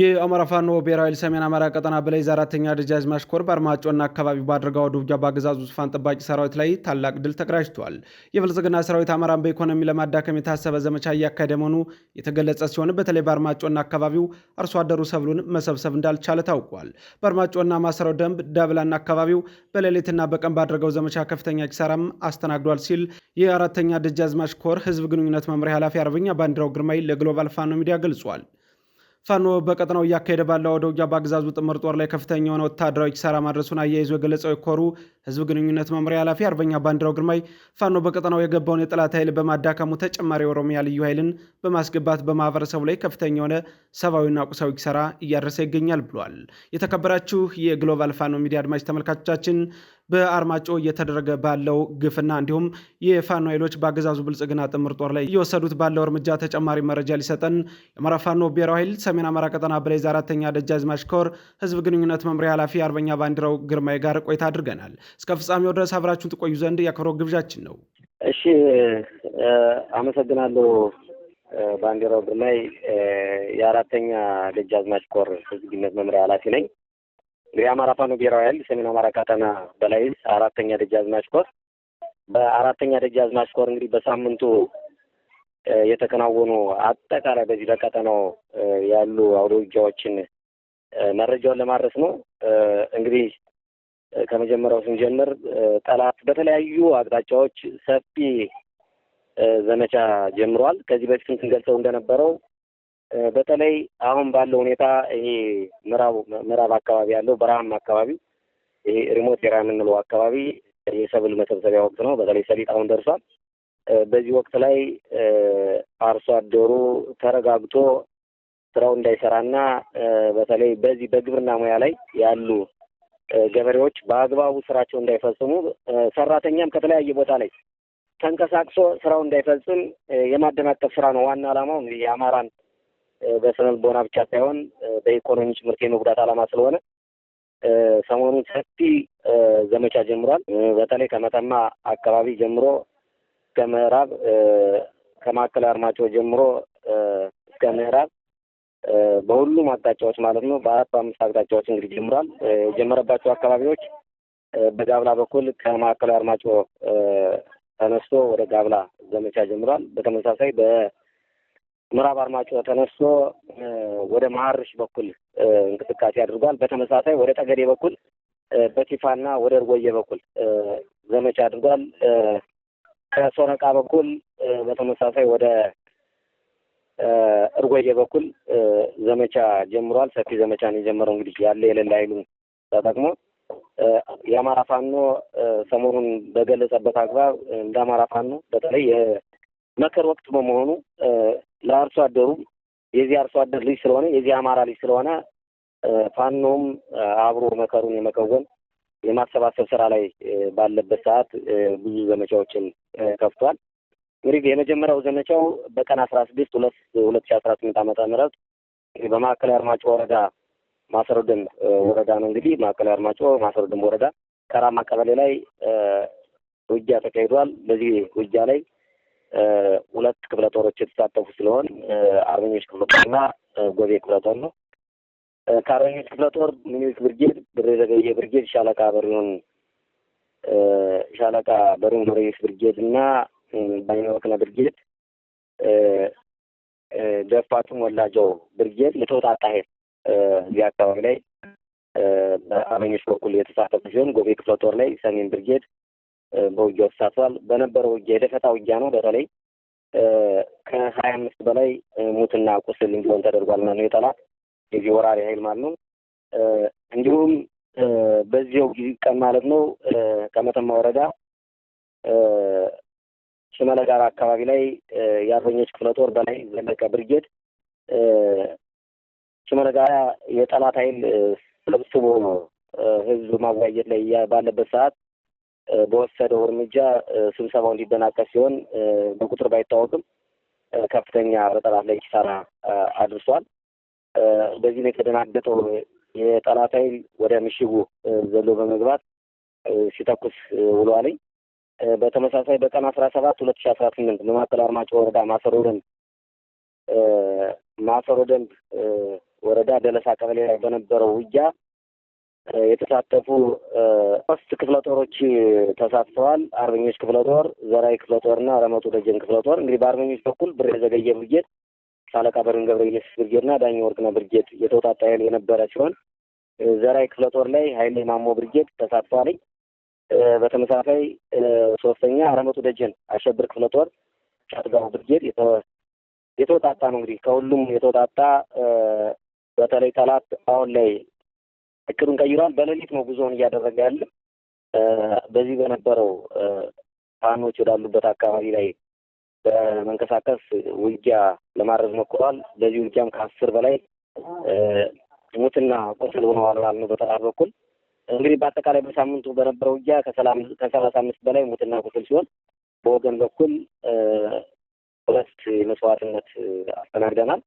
የአማራ ፋኖ ብሔራዊ ሰሜን አማራ ቀጠና በላይ አራተኛ ደጃዝማች ኮር በአርማጮና አካባቢ ባደረገው ውጊያ በአገዛዙ ዙፋን ጠባቂ ሰራዊት ላይ ታላቅ ድል ተቀዳጅቷል። የብልጽግና ሰራዊት አማራን በኢኮኖሚ ለማዳከም የታሰበ ዘመቻ እያካሄደ መሆኑ የተገለጸ ሲሆን በተለይ በአርማጮና አካባቢው አርሶ አደሩ ሰብሉን መሰብሰብ እንዳልቻለ ታውቋል። በአርማጮና ማሰሮ ደንብ ዳብላና አካባቢው በሌሊትና በቀን ባደረገው ዘመቻ ከፍተኛ ኪሳራም አስተናግዷል ሲል የአራተኛ ደጃዝማች ኮር ህዝብ ግንኙነት መምሪያ ኃላፊ አርበኛ ባንዲራው ግርማይ ለግሎባል ፋኖ ሚዲያ ገልጿል። ፋኖ በቀጠናው እያካሄደ ባለው አውደ ውጊያ በአገዛዙ ጥምር ጦር ላይ ከፍተኛ የሆነ ወታደራዊ ኪሳራ ማድረሱን አያይዞ የገለጸው የኮሩ ህዝብ ግንኙነት መምሪያ ኃላፊ አርበኛ ባንዲራው ግርማይ ፋኖ በቀጠናው የገባውን የጠላት ኃይል በማዳከሙ ተጨማሪ የኦሮሚያ ልዩ ኃይልን በማስገባት በማህበረሰቡ ላይ ከፍተኛ የሆነ ሰብአዊና ቁሳዊ ኪሳራ እያደረሰ ይገኛል ብሏል። የተከበራችሁ የግሎባል ፋኖ ሚዲያ አድማጭ ተመልካቾቻችን በአርማጮ እየተደረገ ባለው ግፍና እንዲሁም የፋኖ ኃይሎች በአገዛዙ ብልጽግና ጥምር ጦር ላይ እየወሰዱት ባለው እርምጃ ተጨማሪ መረጃ ሊሰጠን የአማራ ፋኖ ብሔራዊ ኃይል ሰሜን አማራ ቀጠና በላይዝ አራተኛ ደጃዝማች ኮር ህዝብ ግንኙነት መምሪያ ኃላፊ አርበኛ ባንዲራው ግርማይ ጋር ቆይታ አድርገናል። እስከ ፍጻሜው ድረስ አብራችሁን ትቆዩ ዘንድ የአክብሮት ግብዣችን ነው። እሺ፣ አመሰግናለሁ። ባንዲራው ግርማይ የአራተኛ ደጃዝማች ኮር ህዝብ ግንኙነት መምሪያ ኃላፊ ነኝ። የአማራ ፋኖ ብሔራዊ ኃይል ሰሜን አማራ ቀጠና በላይ አራተኛ ደጃዝማች ኮር በአራተኛ ደጃዝማች ኮር እንግዲህ በሳምንቱ የተከናወኑ አጠቃላይ በዚህ በቀጠናው ያሉ አውደ ውጊያዎችን መረጃውን ለማድረስ ነው። እንግዲህ ከመጀመሪያው ስንጀምር ጠላት በተለያዩ አቅጣጫዎች ሰፊ ዘመቻ ጀምሯል። ከዚህ በፊትም ስንገልጸው እንደነበረው በተለይ አሁን ባለው ሁኔታ ይሄ ምዕራብ ምዕራብ አካባቢ ያለው በረሃም አካባቢ ይሄ ሪሞት ኤራ የምንለው አካባቢ የሰብል መሰብሰቢያ ወቅት ነው። በተለይ ሰሊጥ አሁን ደርሷል። በዚህ ወቅት ላይ አርሶ አደሩ ተረጋግቶ ስራው እንዳይሰራና በተለይ በዚህ በግብርና ሙያ ላይ ያሉ ገበሬዎች በአግባቡ ስራቸው እንዳይፈጽሙ ሰራተኛም ከተለያየ ቦታ ላይ ተንቀሳቅሶ ስራው እንዳይፈጽም የማደናቀፍ ስራ ነው ዋና ዓላማው። እንግዲህ የአማራን ቦና ብቻ ሳይሆን በኢኮኖሚ ጭምር የመጉዳት ዓላማ ስለሆነ ሰሞኑን ሰፊ ዘመቻ ጀምሯል። በተለይ ከመተማ አካባቢ ጀምሮ እስከ ምዕራብ ከማዕከላዊ አርማጮ ጀምሮ እስከ ምዕራብ በሁሉም አቅጣጫዎች ማለት ነው። በአራት በአምስት አቅጣጫዎች እንግዲህ ጀምሯል። የጀመረባቸው አካባቢዎች በጋብላ በኩል ከማዕከላዊ አርማጮ ተነስቶ ወደ ጋብላ ዘመቻ ጀምሯል። በተመሳሳይ ምዕራብ አርማጭሆ ተነስቶ ወደ መሀርሽ በኩል እንቅስቃሴ አድርጓል። በተመሳሳይ ወደ ጠገዴ በኩል በቲፋና ወደ እርጎየ በኩል ዘመቻ አድርጓል። ከሶረቃ በኩል በተመሳሳይ ወደ እርጎየ በኩል ዘመቻ ጀምሯል። ሰፊ ዘመቻ ነው የጀመረው። እንግዲህ ያለ የሌለ ኃይሉ ተጠቅሞ የአማራ ፋኖ ሰሞኑን በገለጸበት አግባብ እንደ አማራ ፋኖ በተለይ የመከር ወቅት በመሆኑ ለአርሶ አደሩም የዚህ አርሶ አደር ልጅ ስለሆነ የዚህ አማራ ልጅ ስለሆነ ፋኖም አብሮ መከሩን የመከወን የማሰባሰብ ስራ ላይ ባለበት ሰዓት ብዙ ዘመቻዎችን ከፍቷል። እንግዲህ የመጀመሪያው ዘመቻው በቀን አስራ ስድስት ሁለት ሁለት ሺ አስራ ስምንት ዓመተ ምህረት በማዕከላዊ አርማጭሆ ወረዳ ማሰረደም ወረዳ ነው እንግዲህ ማዕከላዊ አርማጭሆ ማሰረደም ወረዳ ከራማ ቀበሌ ላይ ውጊያ ተካሂዷል። በዚህ ውጊያ ላይ ሁለት ክፍለ ጦሮች የተሳተፉ ስለሆን አርበኞች ክፍለ ጦርና ጎቤ ክፍለ ጦር ነው። ከአርበኞች ክፍለ ጦር ምኒልክ ብርጌድ፣ ብሬ ዘገየ ብርጌድ፣ ሻለቃ በሪሆን ሻለቃ በሪሆን ሬስ ብርጌድ እና ባይነወክነ ብርጌድ፣ ደፋቱም ወላጀው ብርጌድ የተወጣጣ ኃይል እዚህ አካባቢ ላይ በአርበኞች በኩል የተሳተፉ ሲሆን ጎቤ ክፍለ ጦር ላይ ሰሜን ብርጌድ በውጊያው ተሳትፏል። በነበረው ውጊያ የደፈጣ ውጊያ ነው። በተለይ ከሀያ አምስት በላይ ሙትና ቁስል እንዲሆን ተደርጓል ማለት ነው። የጠላት የዚህ ወራሪ ኃይል ማለት ነው። እንዲሁም በዚያው ቀን ማለት ነው ከመተማ ወረዳ ሽመለጋራ አካባቢ ላይ የአርበኞች ክፍለ ጦር በላይ ዘለቀ ብርጌድ ሽመለ የጠላት ኃይል ሰብስቦ ህዝብ ማዋየት ላይ ባለበት ሰዓት በወሰደው እርምጃ ስብሰባው እንዲደናቀፍ ሲሆን በቁጥር ባይታወቅም ከፍተኛ በጠላት ላይ ኪሳራ አድርሷል። በዚህም የተደናገጠው የጠላት ኃይል ወደ ምሽጉ ዘሎ በመግባት ሲተኩስ ውሏልኝ። በተመሳሳይ በቀን አስራ ሰባት ሁለት ሺ አስራ ስምንት መማከል አርማጭሆ ወረዳ ማሰሮ ደንብ ማሰሮ ደንብ ወረዳ ደለሳ ቀበሌ ላይ በነበረው ውጊያ የተሳተፉ ሶስት ክፍለ ጦሮች ተሳትፈዋል። አርበኞች ክፍለ ጦር፣ ዘራዊ ክፍለ ጦር እና ረመጡ ደጀን ክፍለ ጦር። እንግዲህ በአርበኞች በኩል ብር የዘገየ ብርጌድ፣ ሻለቃ በርን ገብረየስ ብርጌድ እና ዳኝ ወርቅነ ብርጌድ የተውጣጣ ኃይል የነበረ ሲሆን ዘራይ ክፍለ ጦር ላይ ኃይሌ ማሞ ብርጌድ ተሳትፏልኝ። በተመሳሳይ ሶስተኛ ረመጡ ደጀን አሸብር ክፍለ ጦር ጫትጋው ብርጌድ የተወጣጣ ነው። እንግዲህ ከሁሉም የተወጣጣ በተለይ ጠላት አሁን ላይ እቅዱን ቀይሯል። በሌሊት ነው ጉዞውን እያደረገ ያለ። በዚህ በነበረው ፋኖች ወዳሉበት አካባቢ ላይ በመንቀሳቀስ ውጊያ ለማድረግ ሞክሯል። በዚህ ውጊያም ከአስር በላይ ሙትና ቁስል ሆነዋል ማለት ነው። በተራር በኩል እንግዲህ በአጠቃላይ በሳምንቱ በነበረው ውጊያ ከሰላሳ አምስት በላይ ሙትና ቁስል ሲሆን በወገን በኩል ሁለት መስዋዕትነት አስተናግደናል።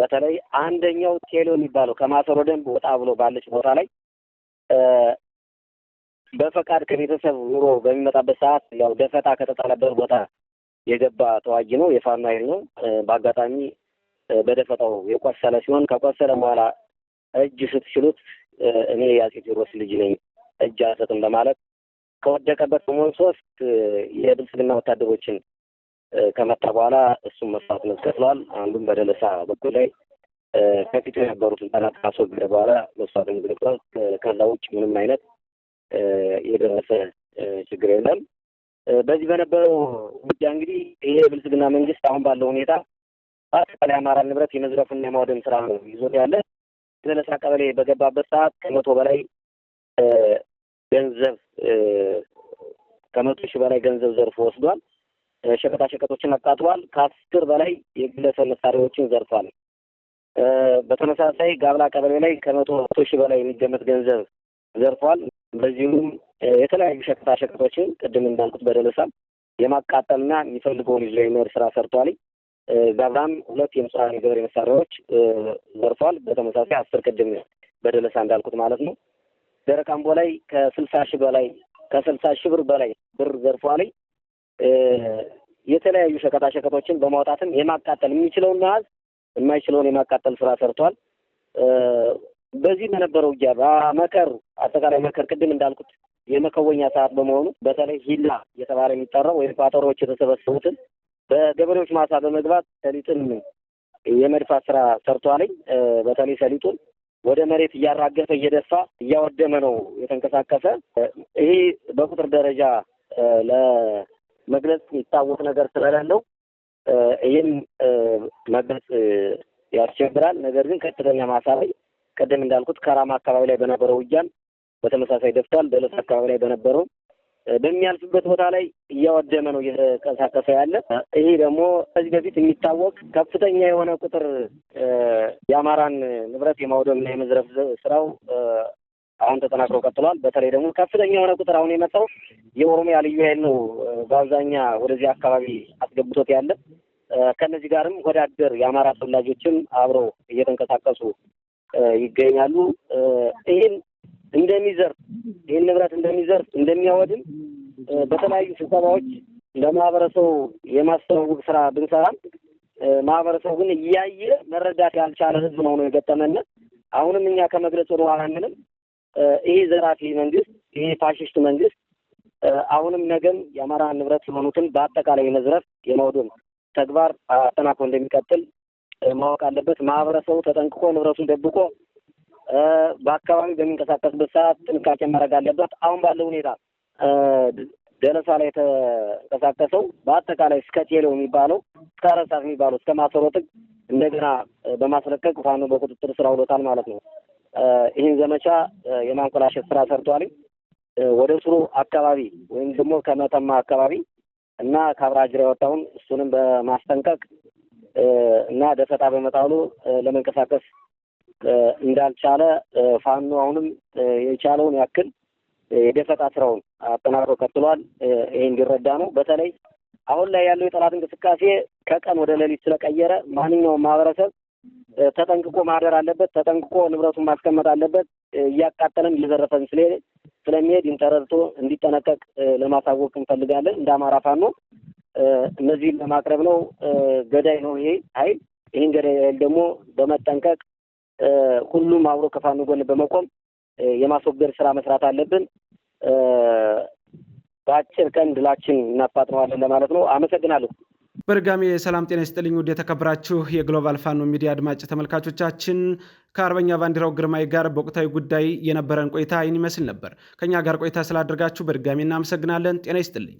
በተለይ አንደኛው ቴሎ የሚባለው ከማሰሮ ደንብ ወጣ ብሎ ባለች ቦታ ላይ በፈቃድ ከቤተሰብ ኑሮ በሚመጣበት ሰዓት ያው ደፈጣ ከተጣለበት ቦታ የገባ ተዋጊ ነው፣ የፋኖ ኃይል ነው። በአጋጣሚ በደፈጣው የቆሰለ ሲሆን ከቆሰለ በኋላ እጅ ስትችሉት እኔ የአፄ ቴዎድሮስ ልጅ ነኝ እጅ አልሰጥም በማለት ከወደቀበት ሞን ሶስት የብልጽግና ወታደሮችን ከመታ በኋላ እሱም መስዋዕትነት ከፍሏል። አንዱም በደለሳ በኩል ላይ ከፊቱ የነበሩት ህጻናት ካስወገደ በኋላ መስዋዕትነት ከፍሏል። ከዛ ውጭ ምንም አይነት የደረሰ ችግር የለም። በዚህ በነበረው ውጊያ እንግዲህ ይሄ የብልጽግና መንግስት አሁን ባለው ሁኔታ በአጠቃላይ አማራን ንብረት የመዝረፍና የማውደም ስራ ነው ይዞት ያለ። ደለሳ ቀበሌ በገባበት ሰዓት ከመቶ በላይ ገንዘብ ከመቶ ሺህ በላይ ገንዘብ ዘርፎ ወስዷል። ሸቀጣሸቀጦችን አቃጥሏል። ከአስር በላይ የግለሰብ መሳሪያዎችን ዘርፏል። በተመሳሳይ ጋብላ ቀበሌ ላይ ከመቶ ሺህ በላይ የሚገመት ገንዘብ ዘርፏል። በዚሁም የተለያዩ ሸቀጣሸቀጦችን ቅድም እንዳልኩት በደለሳም የማቃጠልና የሚፈልገውን ይዞ የመሄድ ስራ ሰርቷል። ጋብላም ሁለት የንጹሐን የገበሬ መሳሪያዎች ዘርፏል። በተመሳሳይ አስር ቅድም በደለሳ እንዳልኩት ማለት ነው። ደረቅ ላይ ከስልሳ ሺህ በላይ ከስልሳ ሺህ ብር በላይ ብር ዘርፏል። የተለያዩ ሸቀጣሸቀጦችን በማውጣትም የማቃጠል የሚችለውን መያዝ የማይችለውን የማቃጠል ስራ ሰርቷል። በዚህ በነበረው ውጊያ መከር አጠቃላይ መከር ቅድም እንዳልኩት የመከወኛ ሰዓት በመሆኑ በተለይ ሂላ እየተባለ የሚጠራው ወይም ፓጠሮዎች የተሰበሰቡትን በገበሬዎች ማሳ በመግባት ሰሊጥን የመድፋት ስራ ሰርቷለኝ። በተለይ ሰሊጡን ወደ መሬት እያራገፈ እየደፋ እያወደመ ነው የተንቀሳቀሰ። ይሄ በቁጥር ደረጃ መግለጽ የሚታወቅ ነገር ስለሌለው ይህም መግለጽ ያስቸግራል። ነገር ግን ከፍተኛ ማሳበይ ቀደም እንዳልኩት ከራማ አካባቢ ላይ በነበረው ውጊያም በተመሳሳይ ደፍቷል። ደለስ አካባቢ ላይ በነበረው በሚያልፍበት ቦታ ላይ እያወደመ ነው እየተንቀሳቀሰ ያለ። ይሄ ደግሞ ከዚህ በፊት የሚታወቅ ከፍተኛ የሆነ ቁጥር የአማራን ንብረት የማውደምና የመዝረፍ ስራው አሁን ተጠናክሮ ቀጥሏል። በተለይ ደግሞ ከፍተኛ የሆነ ቁጥር አሁን የመጣው የኦሮሚያ ልዩ ኃይል ነው በአብዛኛ ወደዚህ አካባቢ አስገብቶት ያለ። ከነዚህ ጋርም ወዳደር የአማራ ተወላጆችም አብረው እየተንቀሳቀሱ ይገኛሉ። ይህን እንደሚዘርፍ ይህን ንብረት እንደሚዘርፍ እንደሚያወድም በተለያዩ ስብሰባዎች ለማህበረሰቡ የማስተዋወቅ ስራ ብንሰራም ማህበረሰቡ ግን እያየ መረዳት ያልቻለ ህዝብ ነው ነው የገጠመን። አሁንም እኛ ከመግለጽ ወደ ኋላ አንልም። ይሄ ዘራፊ መንግስት፣ ይሄ ፋሽስት መንግስት አሁንም ነገም የአማራ ንብረት የሆኑትን በአጠቃላይ መዝረፍ የማውደም ተግባር አጠናክሮ እንደሚቀጥል ማወቅ አለበት። ማህበረሰቡ ተጠንቅቆ ንብረቱን ደብቆ በአካባቢ በሚንቀሳቀስበት ሰዓት ጥንቃቄ ማድረግ አለበት። አሁን ባለው ሁኔታ ደረሳ ላይ የተንቀሳቀሰው በአጠቃላይ እስከ ቴሌው የሚባለው እስከ አረሳት የሚባለው እስከ ማሰሮ ጥግ እንደገና በማስለቀቅ ፋኖ በቁጥጥር ስራ ውሎታል ማለት ነው። ይህን ዘመቻ የማንቆላሸት ስራ ሰርቷል። ወደ ሱሩ አካባቢ ወይም ደግሞ ከመተማ አካባቢ እና ከአብራጅራ የወጣውን እሱንም በማስጠንቀቅ እና ደፈጣ በመጣሉ ለመንቀሳቀስ እንዳልቻለ ፋኖ አሁንም የቻለውን ያክል የደፈጣ ስራውን አጠናክሮ ቀጥሏል። ይህ እንዲረዳ ነው። በተለይ አሁን ላይ ያለው የጠላት እንቅስቃሴ ከቀን ወደ ሌሊት ስለቀየረ ማንኛውም ማህበረሰብ ተጠንቅቆ ማደር አለበት። ተጠንቅቆ ንብረቱን ማስቀመጥ አለበት። እያቃጠለን እየዘረፈን ስለሄድ ስለሚሄድ ኢንተረርቶ እንዲጠነቀቅ ለማሳወቅ እንፈልጋለን። እንደ አማራ ፋኖ እነዚህን ለማቅረብ ነው። ገዳይ ነው ይሄ ኃይል። ይህን ገዳይ ኃይል ደግሞ በመጠንቀቅ ሁሉም አብሮ ከፋኖ ጎን በመቆም የማስወገድ ስራ መስራት አለብን። በአጭር ቀን ድላችን እናፋጥነዋለን ለማለት ነው። አመሰግናለሁ። በድጋሚ የሰላም ጤና ይስጥልኝ ውድ የተከበራችሁ የግሎባል ፋኖ ሚዲያ አድማጭ ተመልካቾቻችን ከአርበኛ ባንዲራው ግርማይ ጋር በወቅታዊ ጉዳይ የነበረን ቆይታ ይህን ይመስል ነበር። ከእኛ ጋር ቆይታ ስላደርጋችሁ በድጋሚ እናመሰግናለን። ጤና ይስጥልኝ።